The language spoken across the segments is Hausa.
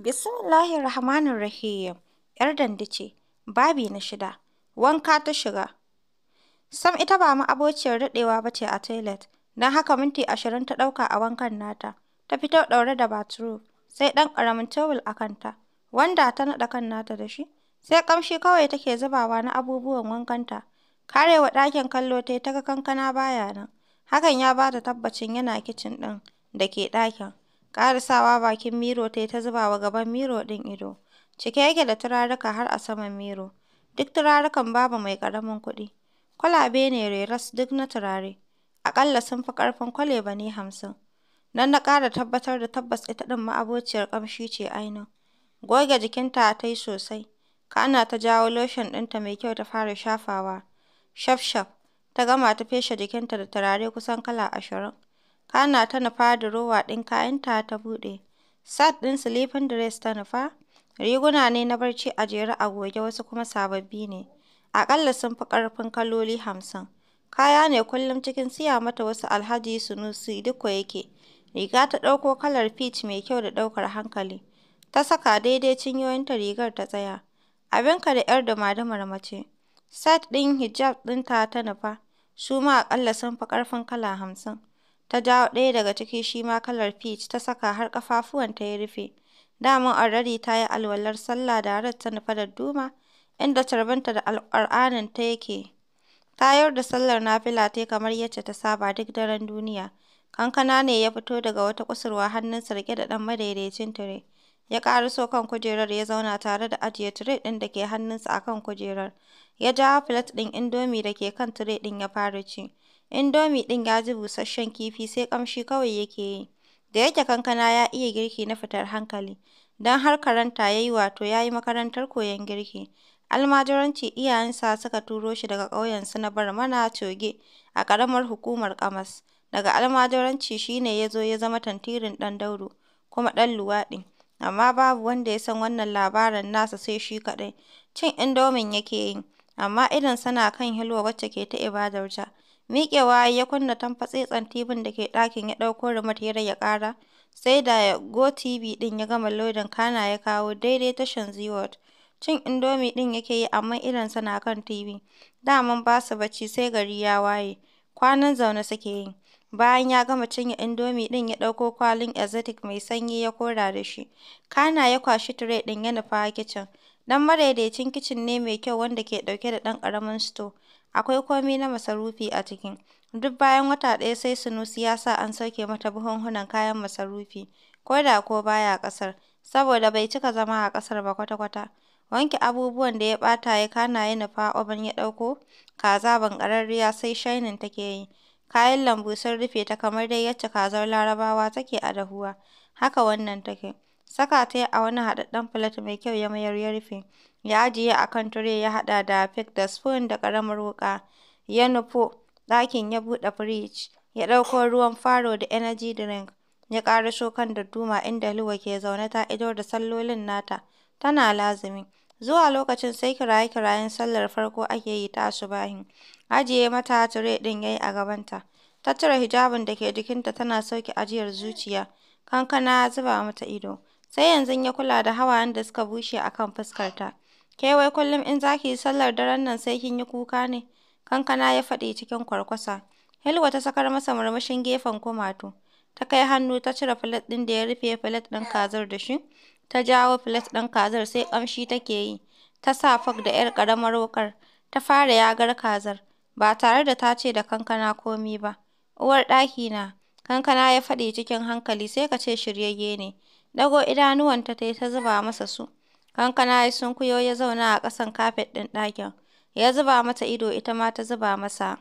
Bismillahir Rahmanin Rahim. 'Yar dambe ce. Babi na shida. Wanka ta shiga. Sam ita ba ma'abociyar daɗewa ba ce a toilet, don haka minti ashirin ta ɗauka a wankan nata. Ta fito ɗaure da batro, sai ɗan ƙaramin towel a kanta, wanda ta naɗa kan nata da shi. Sai ƙamshi kawai take zubawa na abubuwan wankanta. Karewa ɗakin kallo tai ta kankana baya nan. Hakan ya ba da tabbacin yana kicin ɗin da ke ɗakin. ƙarasawa bakin miro ta yi ta zuba wa gaban miro ɗin ido. Cike yake da turaruka har a saman miro. Duk turarukan babu mai ƙaramin kuɗi. Kwalabe ne reras duk na turare. Aƙalla sun fi ƙarfin kwaleba ne hamsin. Nan na ƙara tabbatar da tabbas ita ɗin ma'abociyar ƙamshi ce ainihin Goge jikinta ta yi sosai. Kana ta jawo loshin ɗinta mai kyau ta fara shafawa. shafshaf ta gama ta feshe jikinta da turare kusan kala ashirin. kana ta nufa da rowa ɗin kayanta ta buɗe, sat ɗin silifin dires ta nufa, riguna ne na barci a jere a goge wasu kuma sababbi ne, aƙalla sun fi ƙarfin kaloli hamsin. Kaya ne kullum cikin siya mata wasu Alhaji Sunusi duk yake, riga ta ɗauko kalar peach mai kyau da ɗaukar hankali, ta saka daidai cinyoyinta rigar ta tsaya, abinka da 'yar da mace. Sat ɗin hijab ɗinta ta nufa, su ma aƙalla sun fi ƙarfin kala hamsin. Ta jawo ɗaya daga ciki shi ma kalar peach ta saka har ta ya rufe. damar already ta yi alwalar sallah da harar ta nufa da duma? inda tarbanta da ta yake. Tayar da sallar nafila ta kamar yacce ta saba duk daren duniya. Kankana ne ya fito daga wata kusurwa hannun riƙe da ɗan madaidaicin tire. Ya so kan kujerar ya zauna tare da ajiye tire ɗin da ke hannunsa akan kujerar. Ya jawo filet ɗin indomi da ke kan tire ɗin ya fara ci. Indomi din ya ji busasshen kifi sai kamshi kawai yake yi, da yake kankana ya iya girki na fitar hankali, don har karanta ya yi wato ya yi makarantar koyon girki, almajiranci iyayensa suka turo shi daga ƙauyensu na mana coge a karamar hukumar kamas daga almajiranci shine ya zo ya zama tantirin ɗan dauro kuma ɗan luwaɗi, amma babu wanda ya san wannan labarin nasa sai shi kaɗai, cin indomin yake yi, amma idonsa na kan Hilwa wacce ke ta ibadarta. Mike ya ya kunna tanfatsetsen tibin da ke ɗakin ya ɗauko remote ya rage ƙara, sai da tv ɗin ya gama lodin kana ya kawo daidai tashan ziwot Cin indomi ɗin yake yi amma idonsa na kan TV. daman ba su bacci sai gari ya waye, kwanan zaune suke yi. Bayan ya gama cinye indomi ɗin ya ɗauko kwalin exotic mai sanyi ya kora da shi, kana ya kwashi tire ɗin ya nufa kicin. Dan madaidaicin kicin ne mai kyau wanda ke ɗauke da ɗan ƙaramin store akwai komi na masarufi a cikin, duk bayan wata ɗaya sai Sunusi ya sa an sauke mata buhunhunan kayan masarufi ko da ko ba ƙasar, saboda bai cika zama a ƙasar ba kwata-kwata. Wanke abubuwan da ya ɓata ya kana yi nufa oban ya ɗauko kaza ban ƙararriya sai shainin take yi. Kayan lambu sun rufe ta kamar dai yacce kazar Larabawa take a dahuwa, haka wannan take. Saka ta a wani haɗaɗɗen filet mai kyau ya mayar ya rufe. Ya ajiye a kan tire ya haɗa da fik da spoon da ƙaramar wuƙa, ya nufo ɗakin ya buɗe firij, ya ɗauko ruwan Faro da energy drink, ya ƙaraso kan dadduma inda Luwa ke zaune ta ido da sallolin nata, tana lazumi. Zuwa lokacin sai kiraye-kirayen sallar farko ake yi ta asubahin. Ajiye mata tire ɗin yayi a gabanta. Ta cire hijabin da ke jikinta tana sauke ajiyar zuciya. Kankana zuba mata ido. Sai yanzu ya kula da hawayen da suka bushe akan kan fuskarta. Ke wai kullum in zaki ki yi sallar daren nan sai kin yi kuka ne? Kankana ya faɗi cikin kwarkwasa. Hilwa ta sakar masa murmushin gefen kumatu. Ta kai hannu ta cire filet ɗin da ya rufe filet ɗin kazar da shi. Ta jawo filet ɗin kazar sai ƙamshi take yi. Ta sa fok da 'yar ƙaramar wukar. Ta fara yagar kazar. Ba tare da ta ce da kankana komi ba. Uwar ɗaki na. Kankana ya faɗi cikin hankali sai ka ce shiryayye ne. Ɗago idanuwanta ta yi ta zuba masa su. Kankana ya sunkuyo ya zauna a ƙasan kafet ɗin ɗakin, ya zuba mata ido ita ma ta zuba masa.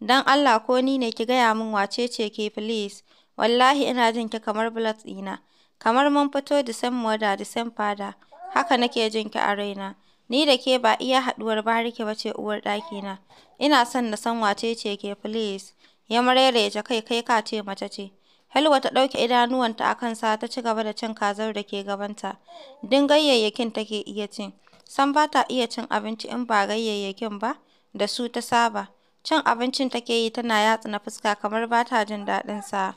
Don Allah ko ni ne ki gaya min wace ce ke filis, wallahi ina jin ki kamar blood ɗina, kamar mun fito the same mother the same father, haka nake jin ki a raina. Ni da ke ba iya haɗuwar bariki ba ce uwar ɗakina, ina son na san wace ce ke filis. Ya marerece kai kai ka ce mace ce. Halwa ta ɗauke idanuwanta a sa ta ci gaba da cin kazar da ke gabanta. Din ganyayyakin take iya cin Sam ba ta iya cin abinci in ba gayyayyakin ba, da su ta saba. Cin abincin take yi tana yatsa na fuska kamar ba ta jin sa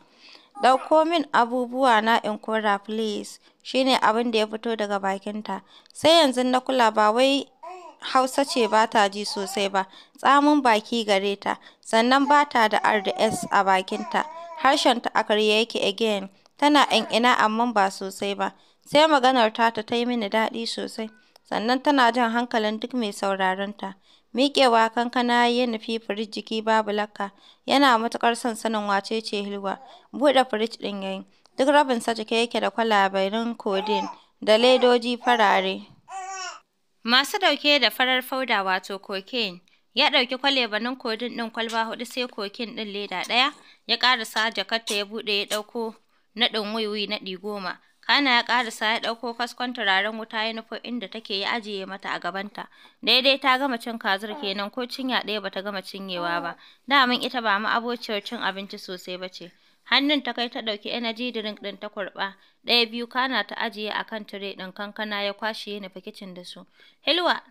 ɗauko min abubuwa na in kora please shi ne abin da ya fito daga bakinta sai yanzu na kula ba wai hausa ce ba ta ji sosai ba tsamin baki gare ta sannan ba ta da r da s a bakinta Harshen ta a karye yake again, tana ina amma ba sosai ba, sai maganar ta ta yi mini daɗi sosai, sannan tana jan hankalin duk mai sauraron ta. Miƙewa kankana ya yi jiki babu lakka, yana matuƙar son sanin wace ce Hilwa. Buɗe firij ɗin ya yi, duk rabinsa cike yake da kwalaben codeine da ledoji farare. Masu dauke da farar fauda wato cocaine Ya ɗauki kwalebanin kodin ɗin kwalba hudu sai kokin ɗin leda ɗaya, ya ƙarasa jakarta ya buɗe ya ɗauko na naɗin wiwi ɗi goma. Kana ya ƙarasa ya ɗauko kaskon turaren wuta ya nufo inda take ya ajiye mata a gabanta. Daidai ta gama cin kazar kenan ko cinya ɗaya bata gama cinyewa ba. Daman ita ba abociyar cin abinci sosai ba ce. Hannun ta kai ta ɗauki energy drink ɗin ta kurɓa. Ɗaya biyu kana ta ajiye a kan tire ɗin kankana ya kwashe ya nufi kicin da su. Hilwa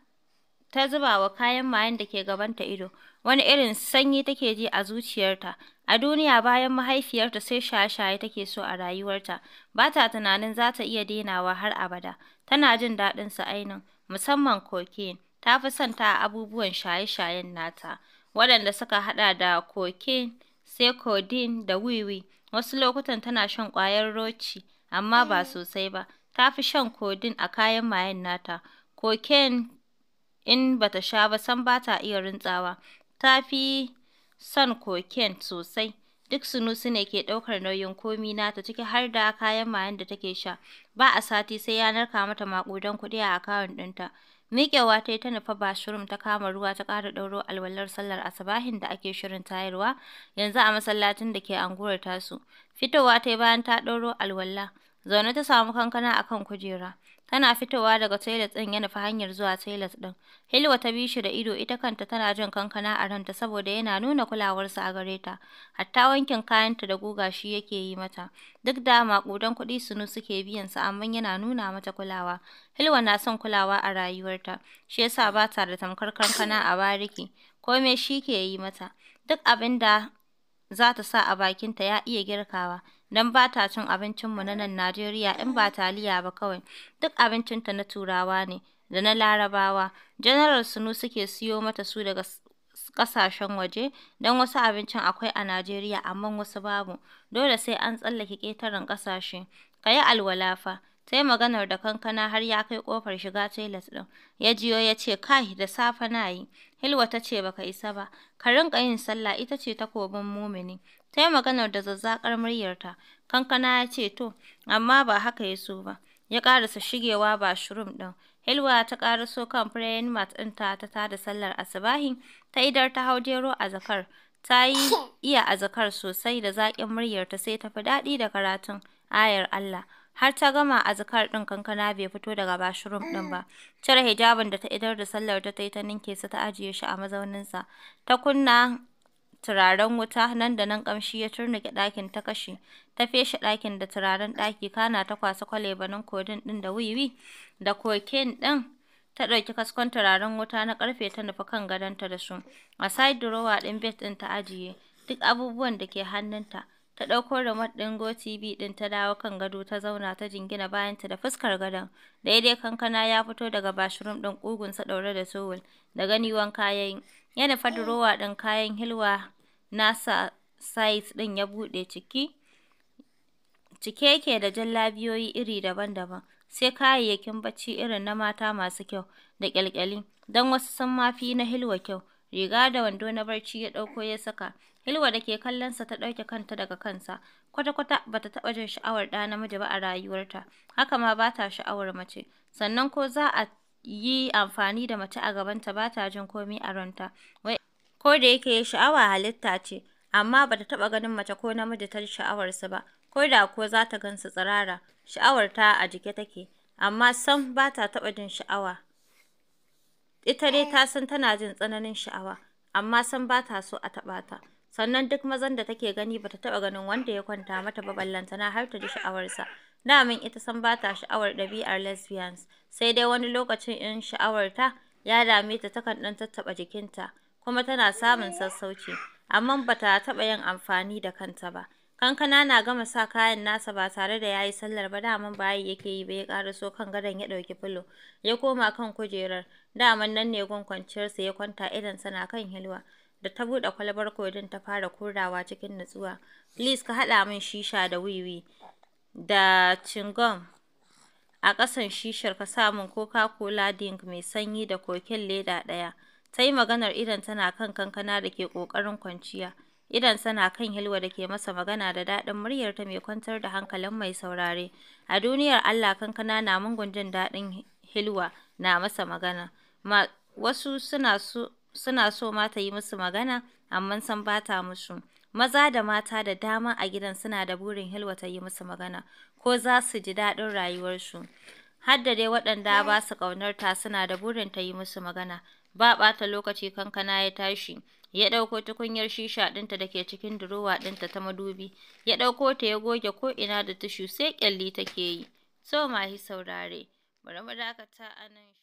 ta zuba wa kayan mayen da ke gabanta ido, wani irin sanyi take ji a zuciyarta. A duniya bayan mahaifiyarta sai shaye-shaye take so a rayuwarta, ba ta tunanin za ta iya denawa har abada. Tana jin daɗin sa ainin, musamman cocaine, ta fi son ta a abubuwan shaye-shayen nata, waɗanda suka haɗa da cocaine, sai codeine da wiwi. Wasu lokutan tana shan ƙwayar roci, amma ba mm. sosai ba. Ta fi shan kodin a kayan mayen nata. Cocaine in ba ta sha ba san ba ta iya rintsawa, ta fi son cocaine sosai. Duk Sunusi ne ke ɗaukar nauyin komi ta ciki har da kayan mayen da take sha. Ba a sati sai yanar narka mata maƙudan kuɗi a akawun ɗinta. Miƙewa ta yi ta nufa ba shirin ta kama ruwa ta ƙara ɗauro alwalar sallar asabahin da ake shirin tayarwa yanzu a masallacin da ke anguwar tasu. Fitowa ta yi bayan ta ɗauro alwala. Zaune ta samu kankana a kan kujera. Tana fitowa daga toilet ɗin ya nufi hanyar zuwa toilet ɗin. Hilwa ta bi shi da ido ita kanta tana jin kankana a ranta saboda yana nuna kulawarsa a gare ta. Hatta wankin kayanta da guga shi yake yi mata. Duk da maƙudan kuɗi sunu suke biyan sa amma yana nuna mata kulawa. Hilwa na son kulawa a rayuwarta. Shi yasa ba ta da tamkar kankana a bariki. Komai shi ke yi mata. Duk abinda za ta sa a bakinta ya iya girkawa. don ba ta cin abincinmu na nan Najeriya in ba taliya ba kawai, duk abincinta na Turawa ne da na Larabawa. General Sunu suke siyo mata su daga kasashen waje, don wasu abincin akwai a Najeriya amma wasu babu, dole sai an tsallake ƙetaren ƙasashe. Ka yi alwala sai maganar da kankana har ya kai kofar shiga toilet ɗin. Ya jiyo ya ce, "Kai, da safe na yi." Hilwa ta ce, "Baka isa ba, ka rinka yin sallah ita ce ta takobin mumini." Tai maganar da zazzakar muryarta. Kankana ya ce, "To, amma ba haka ya so ba." Ya ƙarasa shigewa ba shirum ɗin. Hilwa ta karaso kan praying mat ɗin ta ta tada sallar asubahi, ta idar ta hau a zakar. Ta yi iya zakar sosai da zaƙin muryarta sai ta fi daɗi da karatun ayar Allah. har ta gama a azkar ɗin kankana bai fito daga bashroom ɗin ba cire hijabin da ta idar da sallar ta yi ta ninke sa ta ajiye shi a mazauninsa ta kunna turaren wuta nan da nan kamshi ya turnike ɗakin ta kashe ta feshe ɗakin da turaren ɗaki kana ta kwasa kwalebanin kodin ɗin da wiwi da koken ɗin ta ɗauki kaskon turaren wuta na ƙarfe ta nufi kan gadonta da su a side drawer ɗin bet ɗin ta ajiye duk abubuwan da ke hannunta Ta ɗauko remote ɗin GoTv ɗin ta dawo kan gado ta zauna ta jingina bayanta da fuskar gadon. Daidai kankana ya fito daga bashirum ɗin ƙugunsa ɗaure da towel. Da gani wanka ya yi. nufa ɗin kayan hilwa nasa size ɗin ya buɗe ciki. Cike yake da jallabiyoyi iri daban-daban. Sai kayayyakin bacci irin na mata masu kyau da ƙyalƙyali. Don wasu sun ma na hilwa kyau. Riga da wando na barci ya ɗauko ya saka. Hilwa da ke kallonsa ta ɗauke kanta daga kansa. Kwata-kwata ba ta taɓa jin sha'awar ɗa namiji ba a rayuwarta, haka ma ba ta sha'awar mace. Sannan ko za a yi amfani da mace a gabanta ba ta jin komi a ranta. Ko da yake sha'awa halitta ce, amma ba ta taɓa ganin mace ko namiji ta sha'awar sha'awarsa ba, ko da ko za ta gansu tsirara. Sha'awar ta a jike take, amma sam ba ta taɓa jin sha'awa. Ita dai ta san tana jin tsananin sha'awa, amma san ba ta so a taɓa ta. sannan duk mazan da take gani bata taba ganin wanda ya kwanta mata ba ballantana har ta ji sha'awarsa. min ita san ba ta sha'awar ɗabi'ar lesbians, sai dai wani lokacin in sha'awarta ya dame ta takan ɗan tattaɓa jikinta, kuma tana samun sassauci, amma bata taba yin amfani da kanta ba. Kankana na gama sa kayan nasa ba tare da yayi sallar ba daman bayi yake yi bai so kan gadon ya dauki filo ya koma kan kujerar daman nan ne gon kwanciyarsa ya kwanta idan sana kan hilwa da ta buɗe kwalabar kodin ta fara kurawa cikin nutsuwa. Please ka haɗa min shisha da wiwi da cingom. A ƙasan shishar ka sa min Coca-Cola drink mai sanyi da kokin leda ɗaya. Ta yi maganar idan tana kan kankana da ke ƙoƙarin kwanciya. Idan tana kan Hilwa da ke masa magana da daɗin muryar ta mai kwantar da hankalin mai saurare. A duniyar Allah kankana na mungun jin daɗin Hilwa na masa magana. wasu suna so suna so ma ta yi musu magana, amma san ba ta musu. Maza da mata da dama a gidan suna da burin Hilwa ta yi musu magana, ko za su ji daɗin rayuwarsu. Har da dai waɗanda ba su ƙaunar ta suna da burin ta yi musu magana. Ba ɓata lokaci kankana ya tashi, ya ɗauko tukunyar shisha ɗinta da ke cikin durowa ɗinta ta madubi, ya ɗauko ta ya goge ko'ina da tishu sai ƙyalli take yi. So mahi saurare, bari mu dakata a nan.